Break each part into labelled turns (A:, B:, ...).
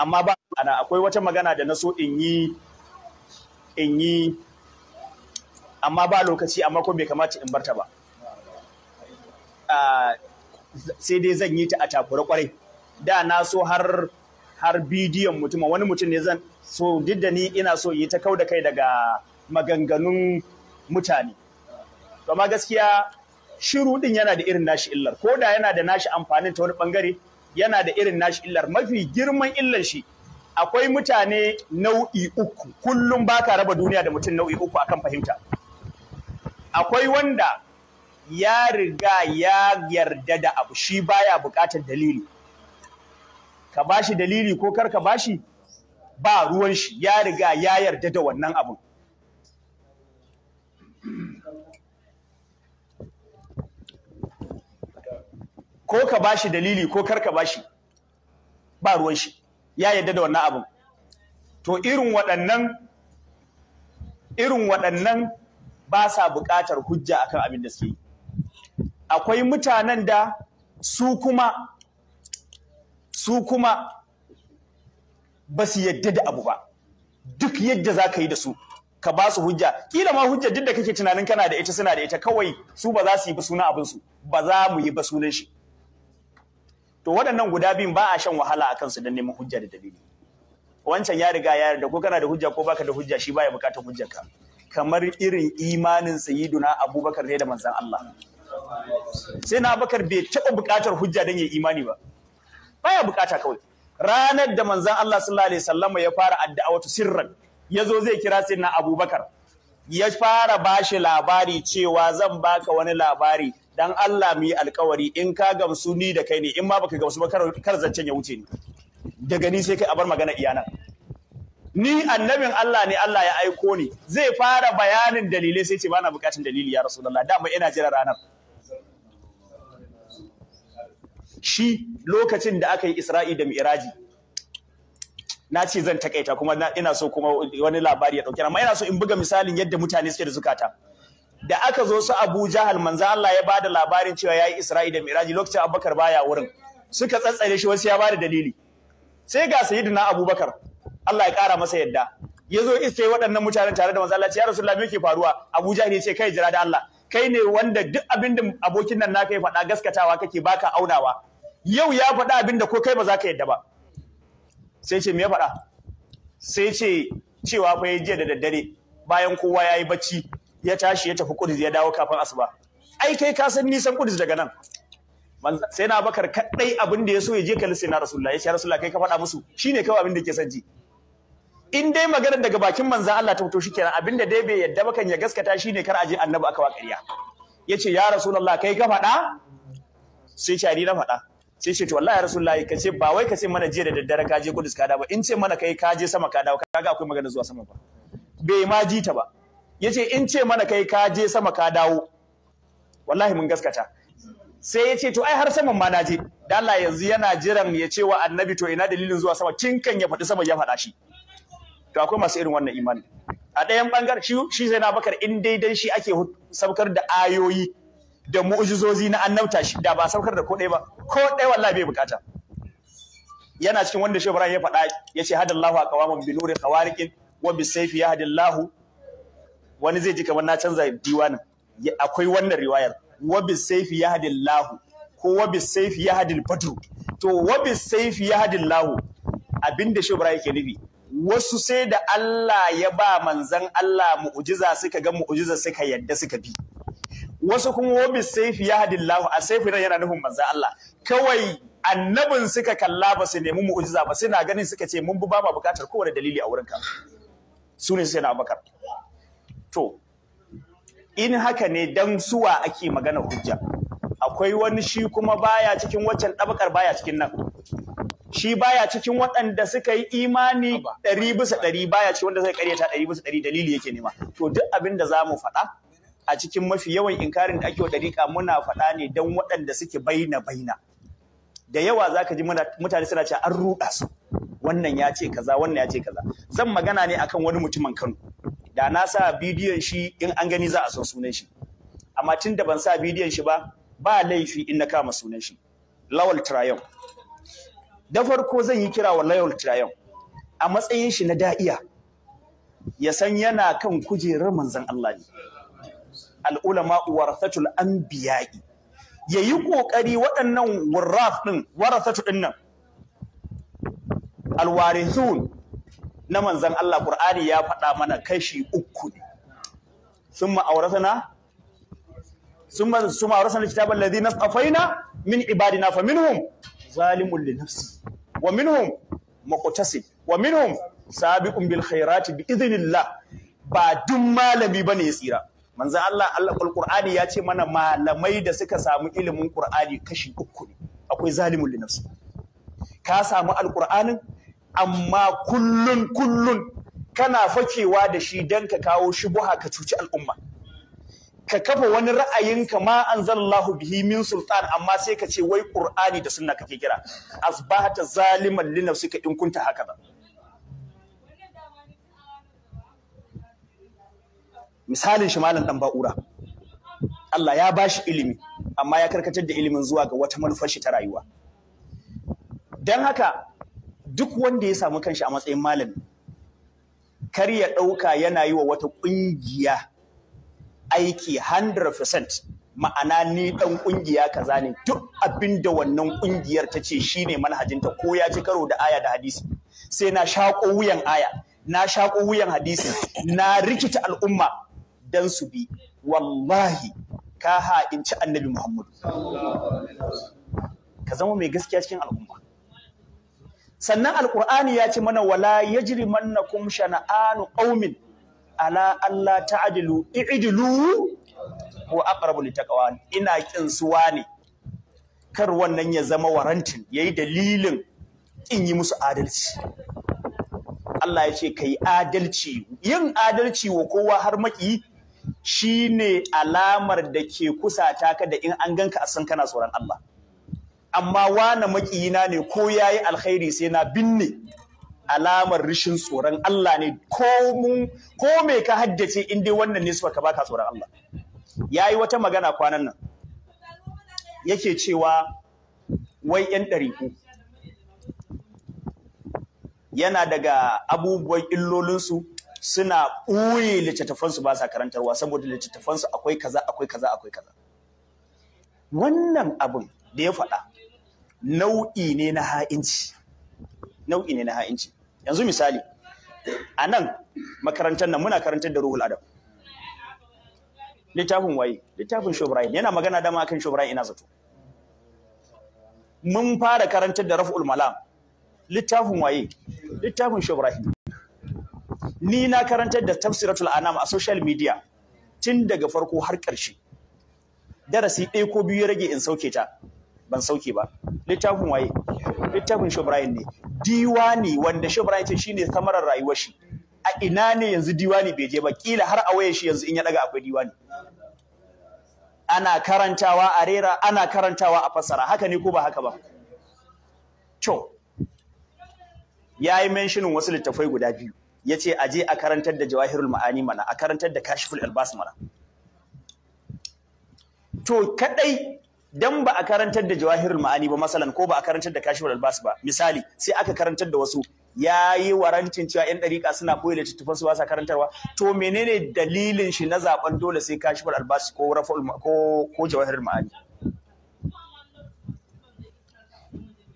A: amma ba ana akwai wata magana da na so in yi in yi amma ba lokaci amma ko bai kamata in barta ba sai dai zan yi ta a takura kwarai da na so har har bidiyon mutum wani mutum ne zan so duk da ni ina so yi ta kau da kai daga maganganun mutane to gaskiya shiru din yana da irin nashi illar ko da yana da nashi amfanin ta wani bangare yana da irin nashi illar mafi girman illar shi akwai mutane nau'i uku kullum baka raba duniya da mutum nau'i uku akan fahimta akwai wanda ya riga ya yarda da abu shi baya buƙatar dalili ka bashi dalili ko kar ka bashi ba ruwan shi ya riga ya yarda da wannan abun ko ka bashi dalili ko kar ka bashi ba ruwan shi ya yadda da wannan abin to irin waɗannan irin waɗannan ba sa buƙatar hujja akan abin da suke akwai mutanen da su kuma su kuma ba su yadda da abu ba duk yadda za ka yi da su ka ba su hujja kila ma hujja duk da kake tunanin kana da ita suna da ita kawai su ba za su yi ba suna abinsu ba za mu yi ba sunan shi to waɗannan guda biyun ba a shan wahala a kansu don neman hujja da dalili wancan ya riga ya yarda ko kana da hujja ko baka da hujja shi baya bukatar ka kamar irin imanin sayyiduna abubakar ne da manzan Allah sai na bakar bai taɓa bukatar hujja don ya imani ba baya bukata kawai ranar da manzan Allah sallallahu alaihi wasallam ya fara addu'a sirran ya zo zai kira sayyidina abubakar ya fara bashi labari cewa zan baka wani labari dan Allah mu yi alkawari in ka gamsu ni da kai ne in ma baka gamsu ba kar zancen ya wuce ni daga ni sai kai a bar magana iyana ni annabin Allah ne Allah ya aiko ni zai fara bayanin dalilai sai ce ba na bukatun dalili ya rasulullah dama ina jira ranar shi lokacin da aka yi Isra'i da Mi'raji na ce zan takaita kuma ina so kuma wani labari ya dauke amma ina so in buga misalin yadda mutane suke da zukata da aka zo su Abu Jahal manzo Allah ya bada labarin cewa yayi Isra'i da Miraji lokacin Abubakar baya wurin suka tsantsare shi wasu ya bada dalili sai ga sayyidina Abubakar Allah ya kara masa yadda yazo iske waɗannan mutanen tare da manzo Allah ya Rasulullah me yake faruwa Abu Jahal ya ce kai jira da Allah kai ne wanda duk abin da abokin nan naka ya faɗa gaskatawa kake baka aunawa yau ya faɗa abin da ko kai ba za ka yadda ba sai ce me ya faɗa sai ce cewa fa jiya da daddare bayan kowa ya yi bacci ya tashi ya tafi Kudus ya dawo kafin asuba ai kai ka san nisan Kudus daga nan sai na bakar kadai abin da ya so ya je kalli sai na rasulullah ya ce rasulullah kai ka faɗa musu shine kawai abin da ke sanji in dai maganar daga bakin manzan Allah ta fito shikenan abin da dai bai yadda bakan ya gaskata shine kar a je annabi aka wa ƙarya yace ya rasulullah kai ka faɗa sai shari na faɗa sai ce to wallahi rasulullahi ka ce ba wai ka ce mana jiya da daddare ka je Kudus ka dawo in ce mana kai ka je sama ka dawo kaga akwai magana zuwa sama ba bai ma ji ta ba Ya ce in ce mana kai ka je sama ka dawo wallahi mun gaskata sai yace to ai har saman ma na je da Allah yanzu yana jiran ya ce wa annabi to ina dalilin zuwa sama kin kan ya faɗi sama ya faɗa shi to akwai masu irin wannan imani a ɗayan ɓangaren shi shi sai na bakar in dai dai shi ake saukar da ayoyi da mu'ujizozi na annabta shi da ba saukar da ko ɗaya ba ko ɗaya wallahi bai bukata yana cikin wanda shi Ibrahim ya faɗa yace hadallahu aqwaman bi nuri khawariqin wa bi sayfi yahdillahu wani zai ji kamar na canza diwanin akwai wannan riwayar wabi saifi ya hadin lahu ko wabi saifi ya hadin badru to wabi saifi ya hadin lahu abinda shi yake nufi wasu sai da Allah ya ba manzan Allah mu'ujiza suka ga mu'ujiza suka yadda suka bi wasu kuma wabi saifi ya hadin lahu a saifi nan yana nufin manzan Allah kawai annabin suka kalla ba su nemi mu'ujiza ba suna ganin suka ce mun bi ba ma bukatar kowane dalili a wurinka su ne sai na to in haka ne dan suwa ake magana hujja akwai wani shi kuma baya cikin waccan ɗabakar baya cikin nan shi baya cikin waɗanda suka yi imani ɗari bisa ɗari baya cikin wanda zai karyata ɗari bisa ɗari dalili yake nema to duk abin da za mu faɗa a cikin mafi yawan inkarin da ake wa ɗariƙa muna faɗa ne don waɗanda suke baina baina da yawa za ka ji mutane suna cewa an ruɗa su wannan ya ce kaza wannan ya ce kaza zan magana ne akan wani mutumin Kano da na sa bidiyon shi in an gani za a san sunan shi amma tun da ban sa bidiyon shi ba ba laifi in na kama sunan shi Lawal Trayon da farko zan yi kira wa Lawal Trayon a matsayin shi na da'iya ya san yana kan kujerar manzon Allah ne al ulama warathatul anbiya'i ya yi ƙoƙari waɗannan wurraf ɗin warasatu tuɗin nan alwarithun na manzan Allah ƙur'ani ya faɗa mana kashi uku ne sun ma'auratana sun ma'auratana kitabal ladhi nasafaina min ibadina fa minhum zalimun li nafsi wa minhum muqtasid wa minhum sabiqun bil khairati bi idhnillah ba duk malami bane ya tsira manzo Allah Allah Qur'ani ya ce mana malamai da suka samu ilimin Qur'ani kashi uku ne akwai zalimul linafsi ka samu alqur'anin amma kullun kullun kana fakewa da shi dan ka kawo shubuha ka cuci al'umma ka kafa wani ra'ayinka ma anzalallahu bihi min sultan amma sai ka ce wai qur'ani da sunna kake kira asbahata zaliman linafsika in kunta haka ba misalin shi malam dan ba'ura Allah ya bashi ilimi amma ya karkatar da ilimin zuwa ga wata manufar shi ta rayuwa dan haka duk wanda ya samu kanshi a matsayin malami kar ya ɗauka yana yi wa wata ƙungiya aiki 100% ma'ana ni ɗan ƙungiya kaza ne duk abinda wannan ƙungiyar ta ce shine manhajinta ko ya ci karo da aya da hadisi sai na shako wuyan aya na shako wuyan hadisi na rikita al'umma dan su bi wallahi ka in ci annabi Muhammadu ka zama mai gaskiya cikin al'umma sannan alqur'ani ya ce mana wala mannakum shana'anu qaumin ala alla ta'dilu i'dilu wa aqrabu litaqwa ina kin suwa ne kar wannan ya zama warantin yayi dalilin kin yi musu adalci Allah ya ce kai adalci yin adalci wa kowa har maki Shi ne alamar da ke kusata ka da in an ganka a san kana tsoron Allah amma wani makiyina ne ko yayi alkhairi sai na binne alamar rishin tsoron Allah ne ko mun ko me ka haddace in dai wannan ne suka baka tsoron Allah yayi wata magana kwanan nan yake cewa wai yan ɗariku yana daga abubuwan illolinsu suna ɓuye littattafansu ba sa karantarwa saboda littattafansu akwai kaza akwai kaza akwai kaza wannan abin da ya faɗa nau'i ne na ha'inci nau'i ne na ha'inci yanzu misali a nan makarantar nan muna karantar da ruhul Adam. littafin waye littafin shobrayin yana magana dama akan shobrayin ina zato mun fara karantar da raf'ul malam littafin waye littafin shobrayin ni na karantar da tafsiratul anam a social media tun daga farko har ƙarshe darasi ɗaya ko biyu ya rage in sauke ta ban sauke ba littafin waye littafin shubrayin ne diwani wanda shubrayin ce shine samarar rayuwar shi a ina ne yanzu diwani bai je ba kila har a wayar shi yanzu in ya daga akwai diwani ana karantawa a rera ana karantawa a fassara haka ne ko ba haka ba to yayi mentionin wasu littafai guda biyu ya ce a je a karantar da jawahirul ma'ani mana a karantar da kashiful albas mana to kadai dan ba a karantar da jawahirul ma'ani ba masalan ko ba a karantar da kashiful albas ba misali sai aka karantar da wasu yayi warantin cewa yan dariƙa suna koyi tuttufan su ba sa karantarwa to menene dalilin shi na zaben dole sai kashiful albas ko raful ko ko jawahirul ma'ani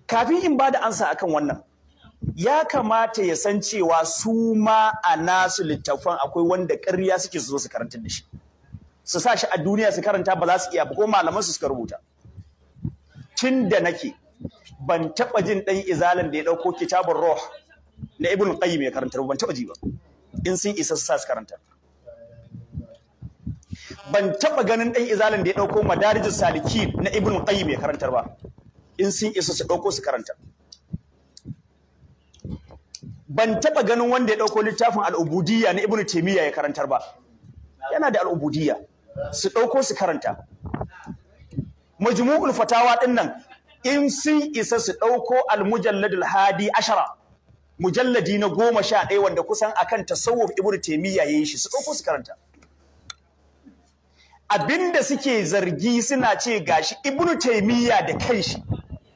A: kafin in ba da ansa akan wannan ya kamata ya san cewa su ma a nasu littafan akwai wanda ƙarya suke su zo su karanta da shi su sa shi a duniya su karanta ba za su iya ba ko malaman su suka rubuta tun da nake ban taɓa jin ɗan izalan da ya ɗauko kitabun roh na ibn qayyim ya karanta ban taɓa ji ba in sun isa su sa su karanta ban taɓa ganin ɗan izalan da ya ɗauko madarijus salikin na ibn qayyim ya karanta ba in sun isa su ɗauko su karanta ban taɓa ganin wanda ya ɗauko littafin al'ubudiyya na ibnu taimiyya ya karantar ba yana da al'ubudiyya su ɗauko su karanta majmu'ul fatawa ɗin nan in sun isa su ɗauko al-mujalladul hadi ashara mujalladi na goma sha ɗaya wanda kusan akan tasawuf ibnu taimiyya ya yi shi su ɗauko su karanta abinda suke zargi suna ce gashi ibnu taimiyya da kanshi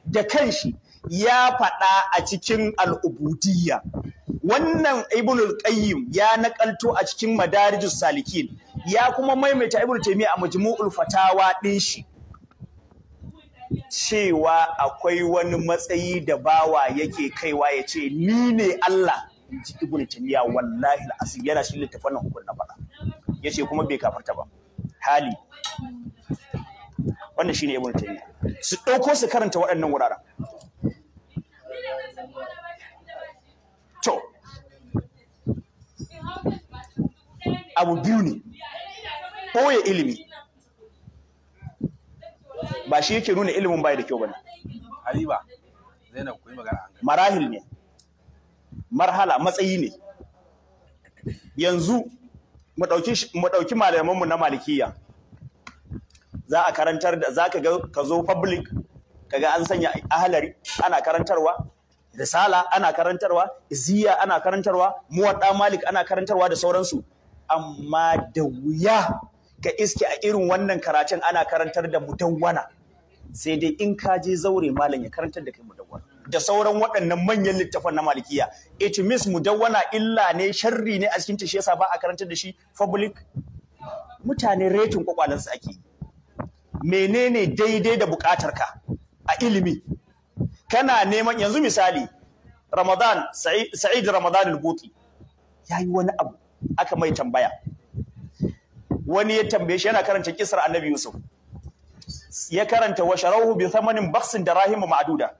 A: da kanshi ya faɗa a cikin al'ubudiyya wannan Ibn al qayyim ya nakalto a cikin madarijus salikin ya kuma maimaita Ibn ta'imi a majmu'ul fatawa ɗin shi cewa akwai wani matsayi da bawa yake kaiwa ya ce ni ne Allah ji ibnul taymiya wallahi al'asir yana shi littafin na hukun na faɗa ce kuma bai kafarta ba hali wannan ne Ibn taymiya su ɗauko su karanta waɗannan wuraren to abu biyu ne ɓoye ilimi ba shi yake nuna ilimin bai da kyau ba ne habiba zainab ku yi marahil ne marhala matsayi ne yanzu mu ɗauki malamanmu na malikiya za a karantar da za ka ka zo public kaga an sanya ahalari ana karantarwa risala ana karantarwa ziya ana karantarwa muwadda malik ana karantarwa da sauransu amma da wuya ka iske a irin wannan karatun ana karantar da mudawwana sai dai in ka je zaure malam ya karantar da kai mudawwana da sauran waɗannan manyan littafan na malikiya it means mudawwana illa ne sharri ne a cikin ta shi yasa ba a karantar da shi public mutane retin kwakwalansu ake menene daidai da bukatarka a ilimi kana neman yanzu misali Ramadan Sa'id Ramadan al-Buti yayi wani abu aka mai tambaya wani ya tambaye shi yana karanta kisar Annabi Yusuf ya karanta wa sharahu bi thamanin baksin dirahim ma'duda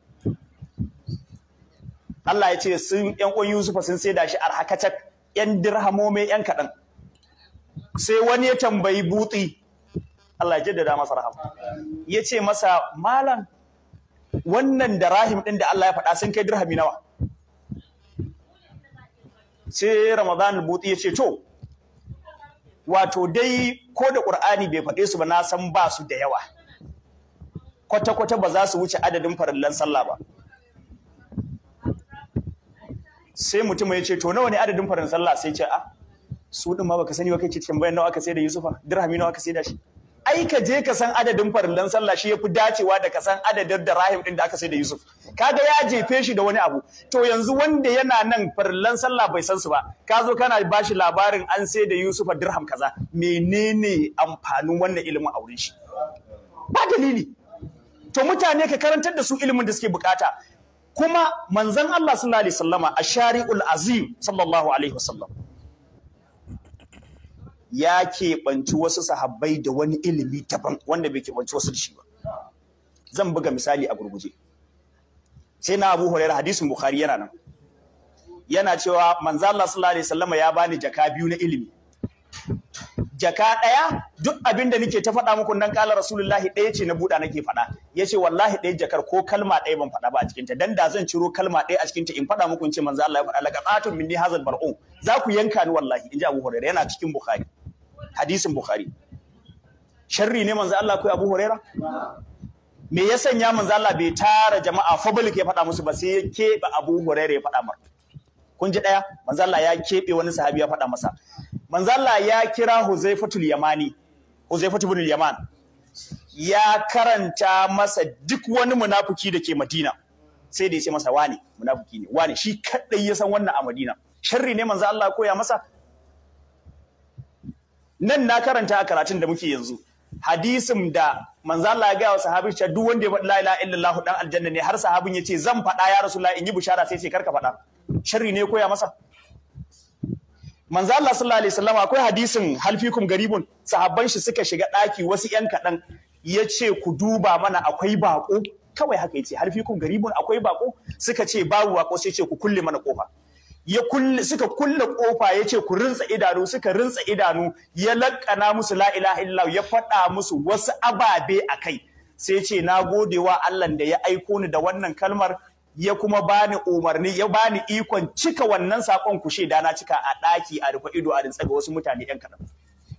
A: Allah ya ce sun ƴan uwan Yusufa sun saida shi arhakatat ƴan dirhamome ƴan kaɗan sai wani ya tambayi buti Allah ya jaddada masa rahama ya ce masa malam wannan da rahim ɗin da Allah ya faɗa sun kai dirhami nawa sai Ramadan Buti ya ce to wato dai ko da Qur'ani bai faɗe su ba na san ba su da yawa kwata kwata ba za su wuce adadin farillan sallah ba sai mutum ya ce to nawa ne adadin farillan sallah sai ce a ah, su din ma baka sani ba kai ce tambayar nawa aka sai da Yusufa dirhami nawa aka sai da shi ai ka je ka san adadin farillan sallah shi yafi dacewa da ka san adadin da rahim din da aka sai da Yusuf kaga ya jefe shi da wani abu to yanzu wanda yana nan farillan sallah bai san su ba ka zo kana bashi labarin an sai da Yusuf a dirham kaza menene amfanin wannan ilimin aure shi ba dalili to mutane ka karantar da su ilimin da suke bukata kuma manzon Allah sallallahu alaihi wasallama ashari'ul azim sallallahu alaihi wasallam ya keɓanci wasu sahabbai da wani ilimi daban wanda bai keɓanci wasu da shi ba zan buga misali a gurguje sai na Abu Hurairah hadisin Bukhari yana nan yana cewa manzo Allah sallallahu alaihi wasallam ya bani jaka biyu na ilimi jaka ɗaya duk abin da nake ta faɗa muku nan kala rasulullahi ɗaya ce na buɗa nake faɗa ya ce wallahi ɗaya jakar ko kalma ɗaya ban faɗa ba a cikinta dan da zan ciro kalma ɗaya a cikinta in faɗa muku in ce manzo Allah ya faɗa laqatun minni hazal bar'un za ku yanka ni wallahi in ji Abu Hurairah yana cikin Bukhari hadisin bukhari sharri ne manzo Allah kai abu huraira me ya sanya manzo Allah bai tara jama'a public ya faɗa musu ba sai ya keɓe abu huraira ya faɗa masa kun ji ɗaya manzo Allah ya keɓe wani sahabi ya faɗa masa manzo Allah ya kira huzaifatul yamani huzaifatu ibn yaman ya karanta masa duk wani munafuki da ke madina sai da ya ce masa wane munafuki ne wane shi kadai ya san wannan a madina sharri ne manzo Allah koya masa nan na karanta a karatun da muke yanzu hadisin da manzan Allah ya gaya wa sahabi cewa duk wanda ya faɗi la ilaha illallah dan aljanna ne har sahabin ya ce zan faɗa ya rasulullah in yi bishara sai ce karka faɗa sharri ne koya masa manzan Allah sallallahu alaihi wasallam akwai hadisin halfikum garibun sahabban shi suka shiga ɗaki wasu yan ya ce ku duba mana akwai bako kawai haka yace halfikun garibun akwai bako suka ce babu bako sai ce ku kulle mana kofa ya suka kulle kofa ya ce ku rinsa idanu suka rinsa idanu ya lakkana musu la ilaha illallah ya faɗa musu wasu ababe a kai sai ce na gode wa Allah da ya aiko ni da wannan kalmar ya kuma bani umarni ya bani ikon cika wannan sakon ku sheda na cika a daki a rufe ido a rintsa ga wasu mutane yan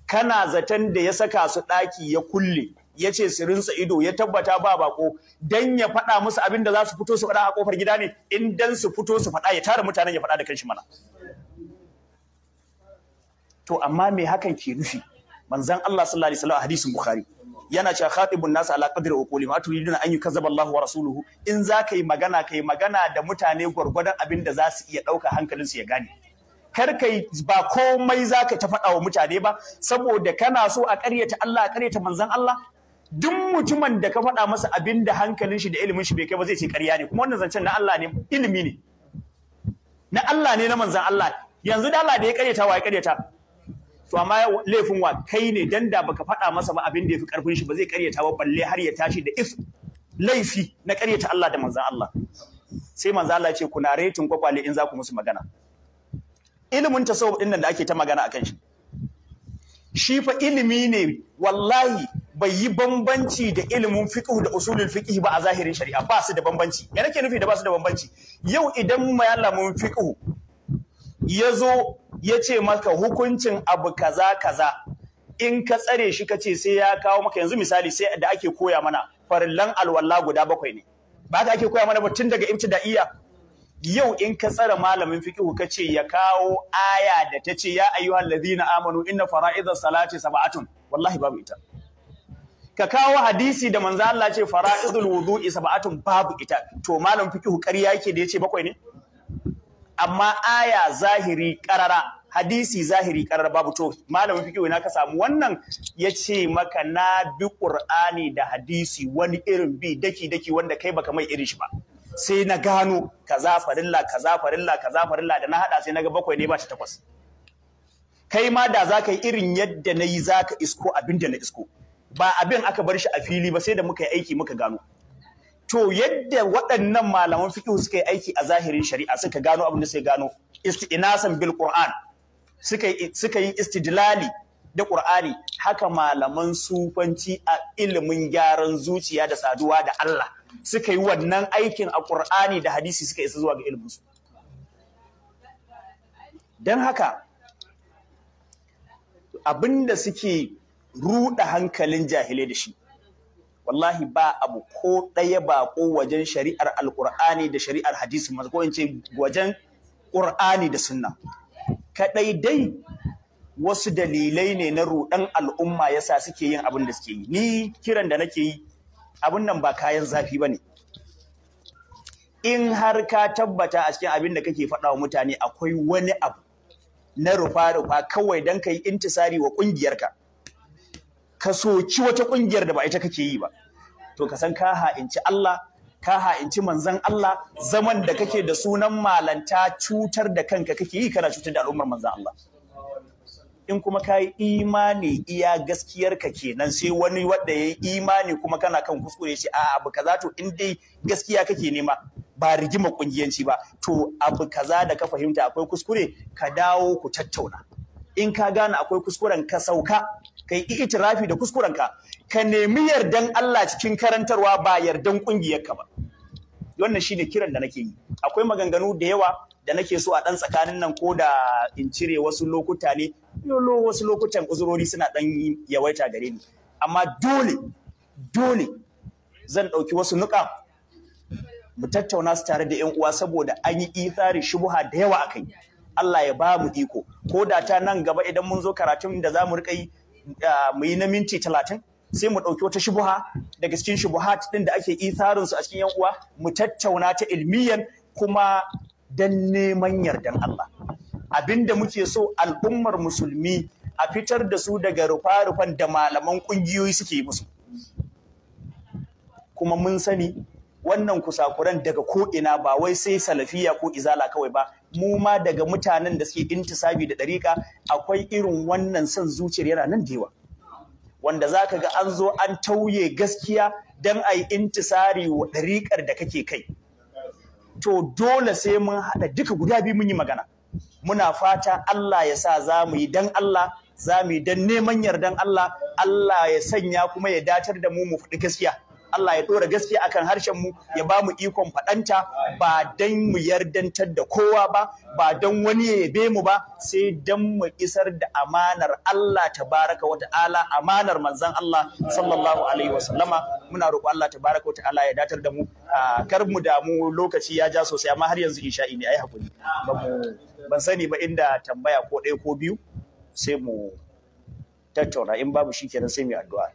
A: kana zaton da ya saka su daki ya kulle ya ce su rinsa ido ya tabbata ba bako dan ya faɗa musu abin da za su fito su faɗa a kofar gida ne in dan su fito su faɗa ya tara mutanen ya faɗa da kanshi mana to amma me hakan ke nufi manzon Allah sallallahu alaihi wasallam a hadisin Bukhari yana cewa khatibun nas ala qadri uquli ma turiduna an yukazzaba Allahu wa rasuluhu in za ka yi magana ka yi magana da mutane gwargwadon abin da za su iya ɗauka hankalinsu ya gane kar kai ba komai za ka ta faɗa wa mutane ba saboda kana so a ƙaryata Allah a ƙaryata manzon Allah duk mutumin da ka faɗa masa abin da hankalin shi da ilimin shi bai kai ba zai ce ƙarya ne kuma wannan zancen na Allah ne ilimi ne na Allah ne na manzan Allah yanzu da Allah da ya ƙaryata wa ya ƙaryata to amma laifin wa kai ne dan da baka faɗa masa ba abin da yafi ƙarfin shi ba zai ƙaryata ba balle har ya tashi da if laifi na ƙaryata Allah da manzan Allah sai manzan Allah ya ce kuna retin kwakwale in za ku musu magana ilimin tasawuf ɗin nan da ake ta magana akan shi shi fa ilimi ne wallahi bai yi bambanci da ilimin fiqh da usulul fiqh ba a zahirin shari'a ba su da bambanci ya nake nufi da ba su da bambanci yau idan malamin fiqh ya zo ya ce maka hukuncin abu kaza kaza in ka tsare shi ka ce sai ya kawo maka yanzu misali sai da ake koya mana farillan alwala guda bakwai ne ba ka ake koya mana ba tun daga ibtida'iyya yau in ka tsara malamin fiqhu ka ce ya kawo aya da ta ce ya ayyuhal ladina amanu inna fara'idhas salati sab'atun wallahi babu ita ka kawo hadisi da manzo Allah ce fara'idul wudu'i sab'atun babu ita to malamin fiqhu ƙarya yake da yace bakwai ne amma aya zahiri karara hadisi zahiri karara babu to malamin fiqhu na ka samu wannan ce maka na bi qur'ani da hadisi wani irin bi daki daki wanda kai baka mai irin shi ba sai na gano kaza farilla kaza farilla kaza farilla da na hada sai naga bakwai ne ba shi takwas kai ma da za ka yi irin yadda na yi za ka isko abin da na isko ba abin aka bar shi a fili ba sai da muka yi aiki muka gano to yadda waɗannan malaman fiqh suka yi aiki a zahirin shari'a suka gano abin da suka gano istinasan bil qur'an suka yi suka yi istidlali da qur'ani haka malaman sufanci a ilimin gyaran zuciya da saduwa da Allah suka yi wannan aikin a Qur'ani da hadisi suka isa zuwa ga ilminsu. Don haka abinda suke ruɗa hankalin jahilai da shi wallahi ba abu ko ɗaya ba ko wajen shari'ar alƙur'ani da shari'ar hadisi masu ko wajen ƙur'ani da sunna kaɗai dai wasu dalilai ne na ruɗan al'umma yasa suke yin abin da suke yi ni kiran da nake yi abin nan ba kayan zafi ba ne in har ka tabbata a cikin abin da kake faɗa wa mutane akwai wani abu na rufa-rufa kawai don ka yi intisari wa ƙungiyarka ka soci wata ƙungiyar da ba ita kake yi ba to ka san ka ha'inci Allah ka ha'inci manzan Allah zaman da kake da sunan malanta cutar da kanka kake yi kana cutar da al'ummar manzan Allah in kuma ka yi imani iya gaskiyarka kenan sai wani wanda ya yi imani kuma kana kan kuskure shi a abu kaza to in dai gaskiya kake nema ba rigima kungiyanci ba to abu kaza da ka fahimta akwai kuskure ka dawo ku tattauna in ka gane akwai kuskuren ka sauka ka yi itirafi da kuskuren ka ka nemi yardan Allah cikin karantarwa ba yardan kungiyarka ba wannan shine kiran da nake yi akwai maganganu da yawa da nake so a ɗan tsakanin nan ko da in cire wasu lokuta ne wasu lokutan uzurori suna ɗan yawaita gare ni amma dole dole zan ɗauki wasu nuka mu tattauna su tare da yan uwa saboda an yi ithari shubuha da yawa akai Allah ya ba mu iko ko da ta nan gaba idan mun zo karatun da za mu riƙa yi mu yi na minti talatin sai mu ɗauki wata shubuha daga cikin shubuhat ɗin da ake itharin a cikin yan uwa mu tattauna ta ilmiyan kuma dan neman yardan Allah Abin da muke so al'ummar musulmi a fitar da su daga rufa-rufan da malaman ƙungiyoyi suke musu kuma mun sani wannan kusakuran daga ko'ina ba wai sai salafiya ko izala kawai ba mu ma daga mutanen da suke intisabi da ɗariƙa akwai irin wannan son zuciyar yana nan da yawa wanda za ka ga an zo an tauye gaskiya don a yi intisari wa ɗariƙar da kake kai to dole sai mun haɗa duka guda biyu mun yi magana muna fata Allah ya sa za mu yi don Allah za mu yi don neman yardan Allah Allah ya sanya kuma ya datar da mu mu faɗi gaskiya Allah ya ɗora gaskiya akan harshen mu ya ba mu ikon faɗanta ba dan mu yardantar da kowa ba ba dan wani ya yabe mu ba sai dan mu isar da amanar Allah tabaraka wa ta'ala amanar manzon Allah sallallahu alaihi wasallama muna roƙo Allah tabaraka wa ta'ala ya datar da mu kar mu damu lokaci ya ja sosai amma har yanzu insha'i ne ai hakuri ban sani ba inda tambaya ko ɗaya ko biyu sai mu tattauna in babu shi kenan sai mu yi addu'a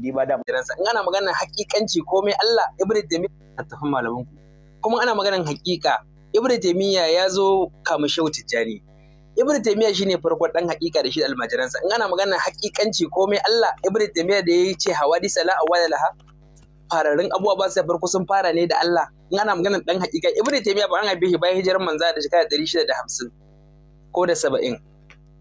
A: ni ba da majalansa in ana magana
B: hakikanci komai Allah ibnu a tafin malaman ku kuma ana maganar hakika ibnu taymiya ya zo kamar shehu tijjani ibnu taymiya shine farkon dan hakika da shi da almajiransa in ana magana hakikanci komai Allah ibnu taymiya da ya ce hawadisa la awwala laha fararin abubuwa ba su farko sun fara ne da Allah in ana maganar dan hakika ibnu taymiya ba an haife shi bayan hijirar manzo da shekara 650 ko da 70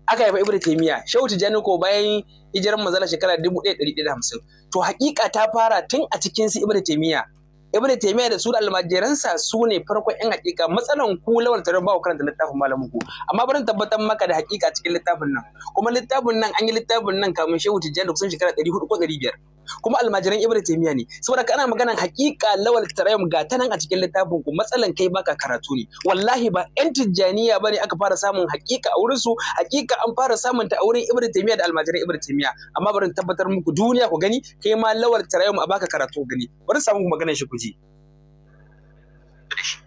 B: aka haifa ibnu taimiya shehu tijani bayan hijirar manzala shekara 1150 to hakika ta fara tun a cikin su ibnu taimiya Ibn Taymiyyah da su almajiransa su ne farkon yan hakika matsalan ku lawal tare ba da littafin malamin ku amma barin tabbatar maka da hakika cikin littafin nan kuma littafin nan an yi littafin nan kamun shehu tijjani da kusan shekara 400 ko 500 kuma almajiran Ibn Taymiyyah ne saboda kana maganan hakika lawal tarayum ga tanan a cikin littafin ku matsalan kai baka karatu ne wallahi ba yan tijjaniya bane aka fara samun hakika a wurin su hakika an fara samun ta a wurin Ibn Taymiyyah da almajiran Ibn Taymiyyah amma barin tabbatar muku duniya ku gani kai ma lawal tarayum a baka karatu gani bari samu maganan shi ku miji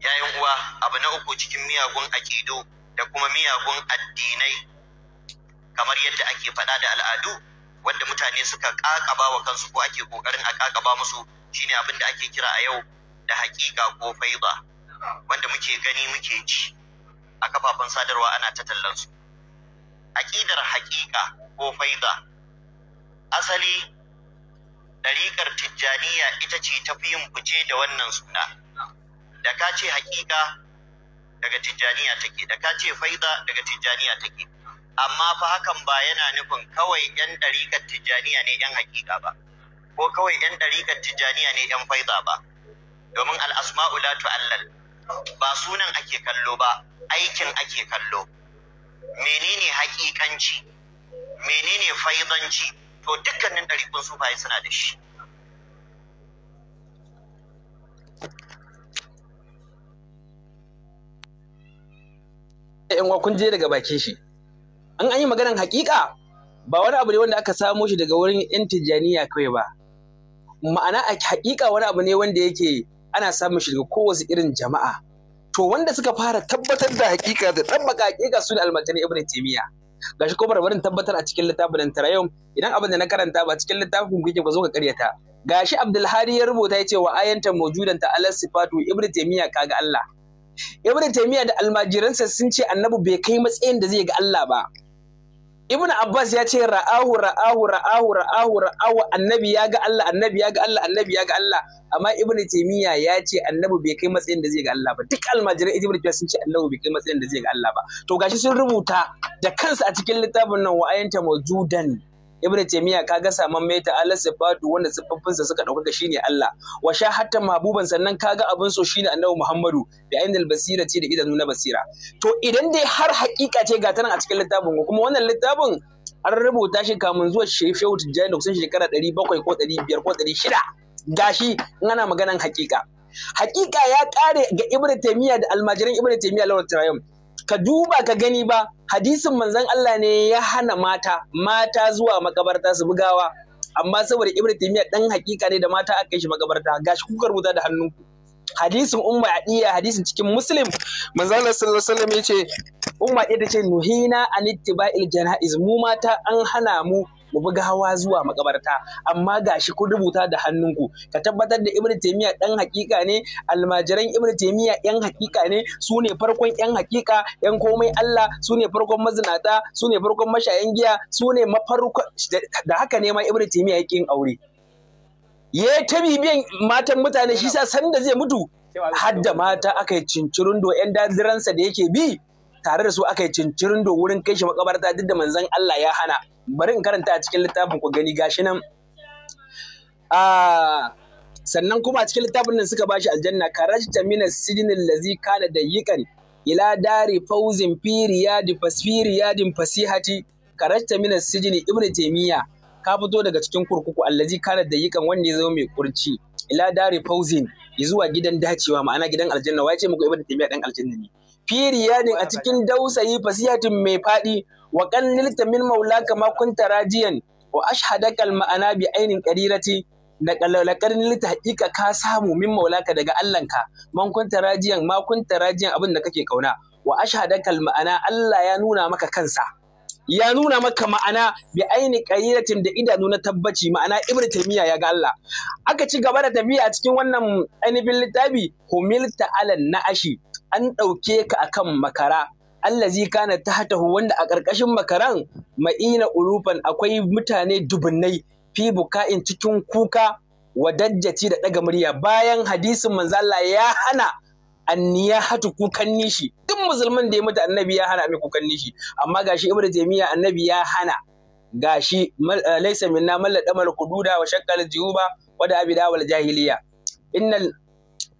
C: yayin uwa abu na uku cikin miyagun aƙidu da kuma miyagun addinai kamar yadda ake faɗa da al'adu wanda mutane suka ƙaƙaba wa kansu ko ake ƙoƙarin a ƙaƙaba musu shine abin da ake kira a yau da haƙiƙa ko faiba wanda muke gani muke ci a kafafen sadarwa ana ta tallansu aƙidar haƙiƙa ko faiba asali ɗariƙar tijjaniya ita ce ta fi yin fice da wannan suna da ka ce haƙiƙa daga tijjaniya take da ka ce faiza daga tijjaniya take amma fa hakan ba yana nufin kawai 'yan ɗariƙar tijjaniya ne 'yan haƙiƙa ba ko kawai 'yan ɗariƙar tijjaniya ne 'yan faiza ba domin al'asma'u la tu'allal ba sunan ake kallo ba aikin ake kallo menene haƙiƙanci menene faizanci to dukkanin ɗariƙun sufaye suna da shi
B: yan kun je daga bakin shi an an yi maganan hakika ba wani abu ne wanda aka samo shi daga wurin yan tijjaniya kawai ba ma'ana a hakika wani abu ne wanda yake ana samun shi daga kowace irin jama'a to wanda suka fara tabbatar da hakika da tabbaka hakika su ne almajani ibn taymiya gashi ko barbarin tabbatar a cikin littafin tarayum idan abin da na karanta ba cikin littafin kuke ba zo ka shi gashi abdulhadi ya rubuta ya ce wa ayanta mawjudan ta alas sifatu ibnu taymiya kaga Allah ibnu taymiya da almajiransa sun ce annabi bai kai matsayin da zai ga Allah ba Ibn abbas ya ce ra'ahu ra'ahu ra'ahu ra'ahu ra'ahu annabi ya ga Allah annabi ya ga Allah annabi ya ga Allah amma Ibn taymiya ya ce annabi bai kai matsayin da zai ga Allah ba duk almajirai ibnu taymiya sun ce annabi bai kai matsayin da zai ga Allah ba to gashi sun rubuta da kansu a cikin littafin nan wa'ayanta mawjudan ibnu taymiya kaga saman mai ta'ala sifatu wanda sa suka dauka shine Allah wa sha hatta mahbuban sannan kaga abin so shine annabi Muhammadu da ainul basira ce da idanu na basira to idan dai har hakika ce ga nan a cikin littafin kuma wannan littafin an rubuta shi kamun zuwa shehu tijjani da kusan shekara 700 ko 500 ko 600 gashi in ana maganan hakika hakika ya kare ga ibnu taymiya da almajiran ibnu taymiya lawal tarayum ka duba ka gani ba hadisin manzon Allah ne ya hana mata mata zuwa makabarta su bugawa amma saboda ibnu taymiya dan hakika ne da mata aka kai shi makabarta gashi kuka rubuta da hannunku hadisin umma adiya hadisin cikin muslim manzon Allah sallallahu alaihi wasallam yace umma adiya tace nuhina anittiba'il janaiz mu mata an hana mu mu buga hawa zuwa makabarta amma gashi ku rubuta da hannunku ka tabbatar da ibnu taymiya dan hakika ne almajiran ibnu taymiya yan hakika ne su ne farkon yan hakika yan komai Allah su ne farkon mazinata su ne farkon mashayan giya su ne mafarko da haka ne ma ibnu taymiya yake yin aure ya ta bibiyan matan mutane shi sa sanda zai mutu hadda mata aka yi cincirin do yan dadiransa da yake bi tare da su aka yi cincirin do wurin kai shi makabarta duk da manzon Allah ya hana bari in karanta a cikin littafin ku gani gashi nan sannan kuma a cikin littafin nan suka bashi aljanna karajta min as-sijnil ladzi kana dayyikan ila dari fauzin fi riyadi fasfi riyadin fasihati karajta min as-sijni ibnu taymiya ka fito daga cikin kurkuku allazi kana dayyikan wanda ya mai kurci ila dari fawzin zuwa gidan dacewa ma'ana gidan aljanna ce muku ibnu taymiya dan aljanna ne firiyanin a cikin dausayi fasiyatin mai faɗi wa qallilta min maulaka ma kun tarajiyan wa ashhadaka al ma'ana bi ainin qarirati da kallalakar haƙiƙa ka samu min maulaka daga ka, man kun tarajiyan ma kun tarajiyan abin da kake kauna wa ashhadaka al ma'ana Allah ya nuna maka kansa ya nuna maka ma'ana bi aini qayyatin da idanu na tabbaci ma'ana ibnu taymiya ya ga Allah aka ci gaba da tafiya a cikin wannan ainihin littafi humilta alan na'ashi an ɗauke ka akan makara Allah allazi kana tahtahu wanda a ƙarƙashin makaran ma'ina urufan akwai mutane dubunnai fi buka'in cikin kuka wa da ɗaga murya bayan hadisin manzala ya hana hatu kukan nishi duk musulmin da ya mutu annabi ya hana mai kukan nishi amma gashi ibnu jami'a annabi ya hana gashi eh, laysa minna man ladamal qududa wa shakkal juba wa da abida wal jahiliya innal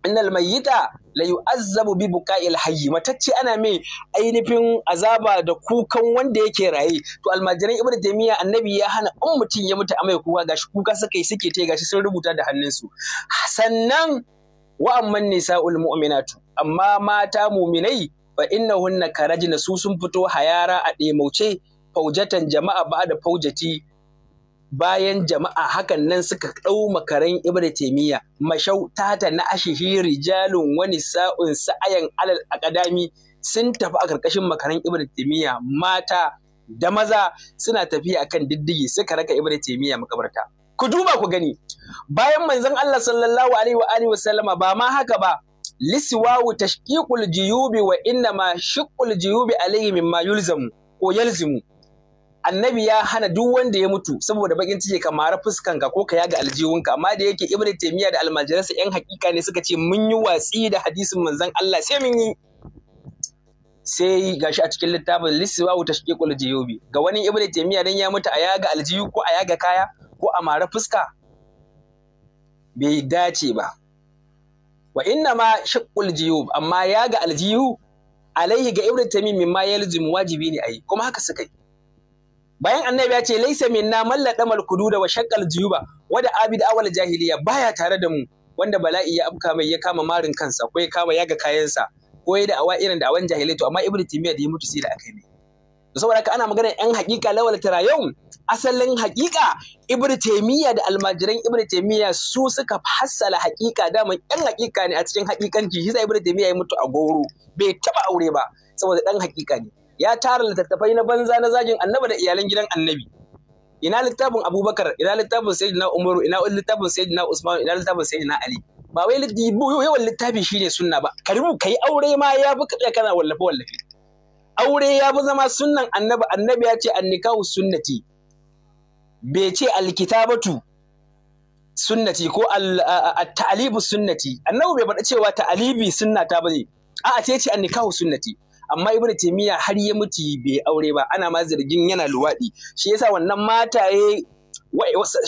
B: innal mayyita la yu'azzabu bi buqa'il hayy matacce ana mai ainihin azaba da kukan wanda yake raye to almajiran ibnu taymiya annabi ya hana in mutum ya mutu amai kuka gashi kuka suka yi suke ta gashi sun rubuta da hannunsu sannan wa amman nisa'ul mu'minatu amma mata muminai fa innahunna karajna su sun fito hayara a ɗemauce faujatan jama'a ba da faujati bayan jama'a hakan nan suka ɗau makaran ibn taimiyya mashau tata na ashihi rijalun wani sa'un sa'ayan alal akadami sun tafi a ƙarƙashin makaran ibn taimiyya mata da maza suna tafiya akan diddigi suka raka ibn taimiyya makabarta ku duba ku gani bayan manzon Allah sallallahu alaihi wa alihi wasallama ba ma haka ba lisiwawu tashqiqul jiyubi wa inna ma shiqul jiyubi alaihi mimma yulzamu ko yalzimu annabi ya hana duk wanda ya mutu saboda bakin cike ka mara ka ko ka yaga aljihunka. amma da yake ibnu taymiya da almajirasa yan hakika ne suka ce mun yi watsi da hadisin manzon Allah sai mun yi sai gashi a cikin littafin liswawu tashqiqul jiyubi ga wani ibnu taymiya dan ya mutu a yaga aljiyu ko a yaga kaya ko a mara fuska bai dace ba wa inna ma shaqqul jiyub amma yaga aljiyu alaihi ga ibnu taymiya mimma yalzimu wajibi ne ayi kuma haka suka yi bayan annabi ya ce laisa minna mallada malkudu da washaqqal juyuba wada abid awal jahiliya baya tare da mu wanda bala'i ya afka mai ya kama marin kansa ko ya kama yaga kayansa ko ya da awa irin da awan jahilai to amma ibnu timiya da ya mutu sai da aka yi saboda haka ana magana yan hakika lawal tarayum asalin hakika ibnu timiya da almajiran ibnu timiya su suka fassala hakika daman yan hakika ne a cikin haqiqan shi sai ibnu timiya ya mutu a goro bai taba aure ba saboda ɗan hakika ne ya tara littattafai na banza na zagin annaba da iyalan gidan annabi ina littafin abubakar ina littafin sayyidina umaru ina littafin sayyidina usman ina littafin sayyidina ali ba wai yawan littafi shine sunna ba ka kai aure ma ya fi kaɗa kana wallafe wallafe aure ya fi zama sunnan annabi annabi ya ce annikahu sunnati bai ce alkitabatu sunnati ko at-ta'libu sunnati annabi bai faɗa cewa ta'alibi sunnata bane a'a sai ce annikahu sunnati amma ibnu taymiya har ya mutu bai aure ba ana ma zargin yana luwaɗi shi yasa wannan mataye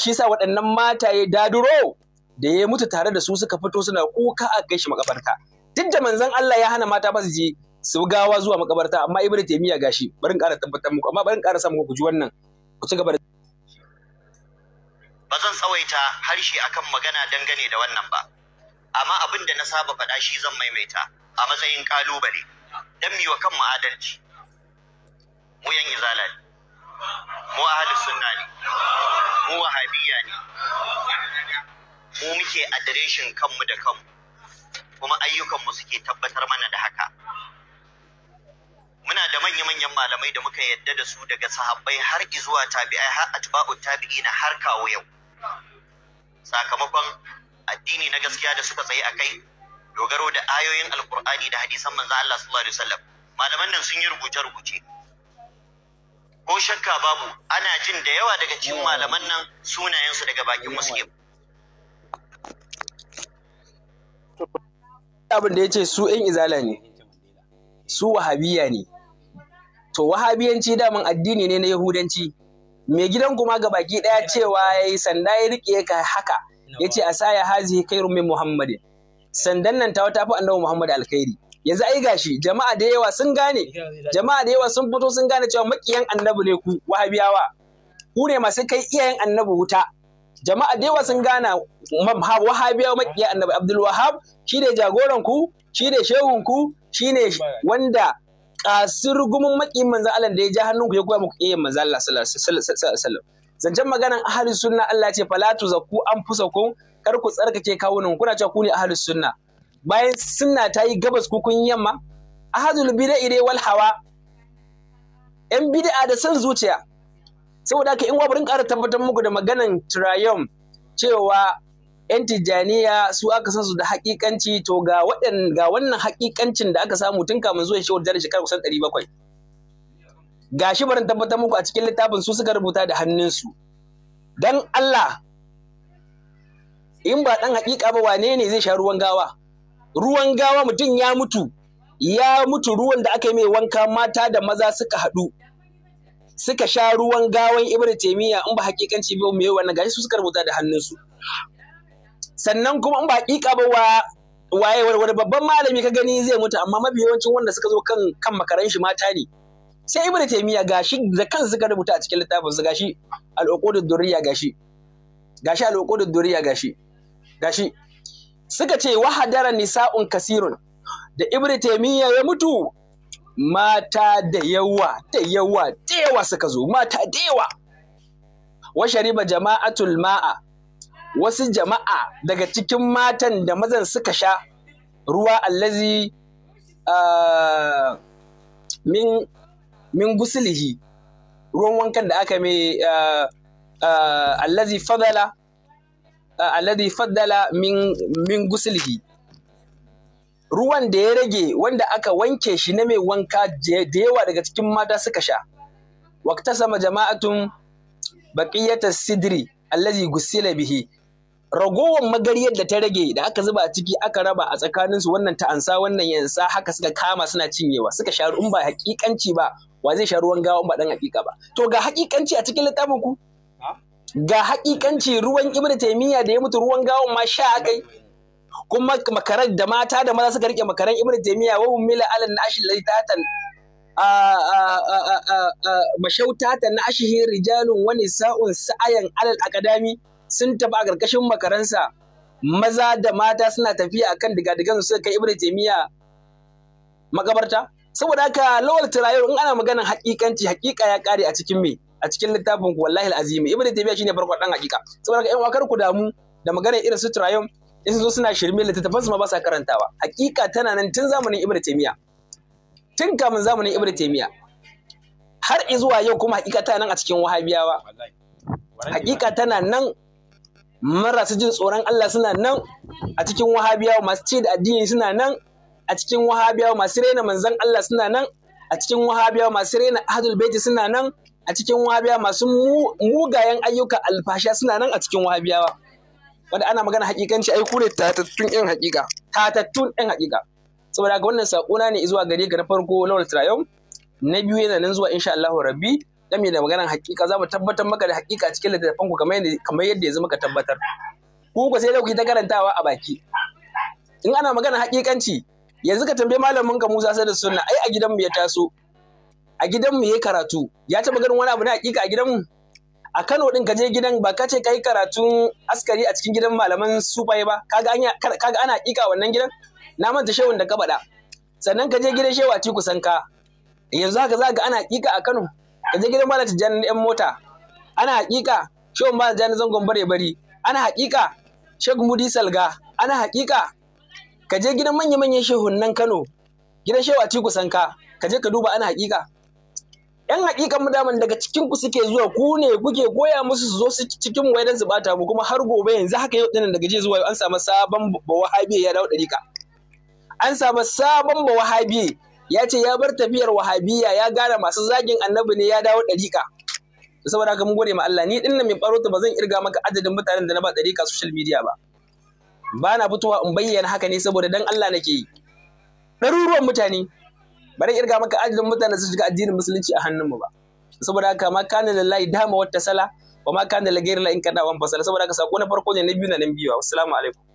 B: shi yasa waɗannan mataye daduro da ya mutu tare da su suka fito suna kuka a kai shi makabarta duk da manzon Allah ya hana mata ba su je su gawa zuwa makabarta amma ibnu taymiya gashi barin ƙara tabbatar muku amma barin ƙara sa muku ji wannan ku ci gaba da
C: ba zan tsawaita harshe akan magana dangane da wannan ba amma abin da na saba faɗa shi zan maimaita a matsayin ƙalubale. dan miwa kan mu adalci mu yan izala ne mu ahli sunna ne mu wahabiyya ne mu muke adireshin kanmu da kanmu kuma ayyukanmu suke tabbatar mana da haka muna da manya-manyan malamai da muka yadda da su daga sahabbai har izuwa tabi'ai har atba'u tabi'ina har kawo yau sakamakon addini na gaskiya da suka tsaye a kai dogaro da ayoyin alkur'ani da hadisan manzo Allah sallallahu alaihi wasallam malaman nan sun yi rubuce rubuce ko shakka babu ana jin da yawa daga cikin malaman nan sunayen su daga bakin muslim
B: abin da yace su ɗan izala ne su wahabiya ne to wahabiyanci daman addini ne na yahudanci mai gidan kuma ga baki daya cewa yayi sanda ya rike ka haka yace asaya hazi kairu min muhammadin sandan nan ta wata fi annabi Muhammad alkhairi yanzu ai gashi jama'a da yawa sun gane jama'a da yawa sun fito sun gane cewa makiyan annabi ne ku wahabiyawa ku ne masu kai iyayen annabi wuta jama'a da yawa sun gana wahabiyawa makiyan annabi Abdul Wahab shi ne jagoran ku shi ne shehun ku shi ne wanda kasir gumin makiyin manzon Allah da ya ja hannun ku ya koya muku iyayen manzon Allah sallallahu alaihi wasallam zancen maganan ahli sunna Allah ce falatu zakku an fusakum kar ku tsarkake kawunan kuna cewa ku ne ahlus sunna bayan sunna ta yi gabas ku kun yamma ahadul bid'a dai wal hawa yan bid'a da san zuciya saboda haka in wa burin ƙara tabbatar muku da maganan triumph cewa yan tijjaniya su aka san su da hakikanci to ga waɗan ga wannan hakikancin da aka samu tun kamun zuwa shehu jari shekara kusan 700 gashi barin tabbatar muku a cikin littafin su suka rubuta da hannunsu dan Allah in ba ɗan haƙiƙa ba wane ne zai sha ruwan gawa ruwan gawa mutum ya mutu ya mutu ruwan da aka yi mai wanka mata da maza suka haɗu suka sha ruwan gawan ibnu taymiya in ba hakikanci ba mai wannan gashi su suka rubuta da hannunsu sannan kuma in ba haƙiƙa ba wa waye wani babban malami ka gani zai mutu amma mafi yawancin wanda suka zo kan kan makaran shi mata ne sai ibnu taymiya gashi da kansu suka rubuta a cikin littafin su gashi al'uqudud uqudud durriya gashi gashi al'uqudud durriya gashi gashi suka ce wahadara nisa'un kasirun da ibnu taymiya ya mutu mata da yawa da yawa da yawa suka zo mata da yawa wa shariba jama'atul ma'a wasu jama'a daga cikin matan da mazan suka sha ruwa allazi min min gusulihi ruwan wankan da aka mai allazi fadala alladhi faddala min min guslihi ruwan da ya rage wanda aka wanke shi na mai wanka da yawa daga cikin mata suka sha sama jama'atun baqiyata sidri alladhi gusila bihi ragowar magariyar da ta rage da aka zuba ciki aka raba a tsakaninsu wannan ta ansa wannan yansa haka suka kama suna cinyewa suka sha in ba hakikanci ba wa zai sha ruwan gawa ba dan hakika ba to ga hakikanci a cikin littafin ku ga hakikanci ruwan ibnu taimiya da ya mutu ruwan gawon ma sha akai kuma makarar da mata da maza suka rike makaran ibnu taimiya wa ummila alan nashil latatan na nashihin rijalun wani sa'un sa'ayan alal akadami sun tafi a ƙarƙashin makaransa maza da mata suna tafiya akan digan su kai ibnu taimiya makabarta saboda haka lawal turayo in ana maganar hakikanci hakika ya kare a cikin me a cikin littafin wallahi azimi ibnu taymiya shine farko dan hakika saboda ƴan wakar ku damu da magana irin su trayon in zo suna shirme littattafansu ma ba sa karantawa hakika tana nan tun zamanin ibnu taymiya tun kamun zamanin ibnu taymiya har zuwa yau kuma hakika tana nan a cikin wahabiyawa hakika tana nan marasa jin tsoron Allah suna nan a cikin wahabiyawa masu ce da addini suna nan a cikin wahabiyawa masu rena manzon Allah suna nan a cikin wahabiyawa masu rena ahlul baiti suna nan a cikin wahabiya masu mugayen ayyuka alfasha suna nan a cikin wahabiyawa wanda ana magana hakikanci ai kure tatattun yan hakika tatattun yan hakika saboda ga wannan sakona ne zuwa gare ka na farko lawal tarayon na biyu yana nan zuwa insha Rabi. rabbi game da maganar hakika za mu tabbatar maka da hakika a cikin littattafan ku kamar yadda kamar zama yanzu muka tabbatar ku ku sai da ku yi ta karantawa a baki in ana magana hakikanci yanzu ka tambaye malamin ka Musa sai da sunna ai a gidan mu ya taso a gidanmu ya karatu ya taɓa ganin wani abu na hakika a gidanmu a Kano din ka je gidan ba ka ce kai karatun askari a cikin gidan malaman sufaye ba kaga anya kaga ana hakika wannan gidan na manta shehun da ka faɗa sannan ka je gidan shewa ci kusan ka yanzu haka za ga ana hakika a Kano ka je gidan malam Tijjani yan mota ana hakika shehun malam Tijjani zangon bare bari ana hakika shegu Mudi Salga ana hakika ka je gidan manya-manyan shehun nan Kano gidan shewa ci kusan ka ka je ka duba ana hakika yan hakikan daman daga cikin ku suke zuwa ku ne kuke goya musu su zo su cikin mu dan zubata mu kuma har gobe yanzu haka yau dinan daga je zuwa an samu sabon bawahabi ya dawo dariƙa an samu sabon bawahabi ya ce ya bar tafiyar wahabiya ya gane masu zagin annabi ne ya dawo dariƙa saboda haka mun gode ma Allah ni nan mai barota ba zan irga maka adadin mutanen da na ba dariƙa social media ba ba na fitowa in bayyana haka ne saboda dan Allah nake yi ɗaruruwan mutane bari kirga maka ajalin mutane su shiga addinin musulunci a mu ba saboda haka ma kana lillahi dama wata sala wa ma kana la la in kada wan fasala saboda haka sako na farko ne na biyu na nan biyu assalamu alaikum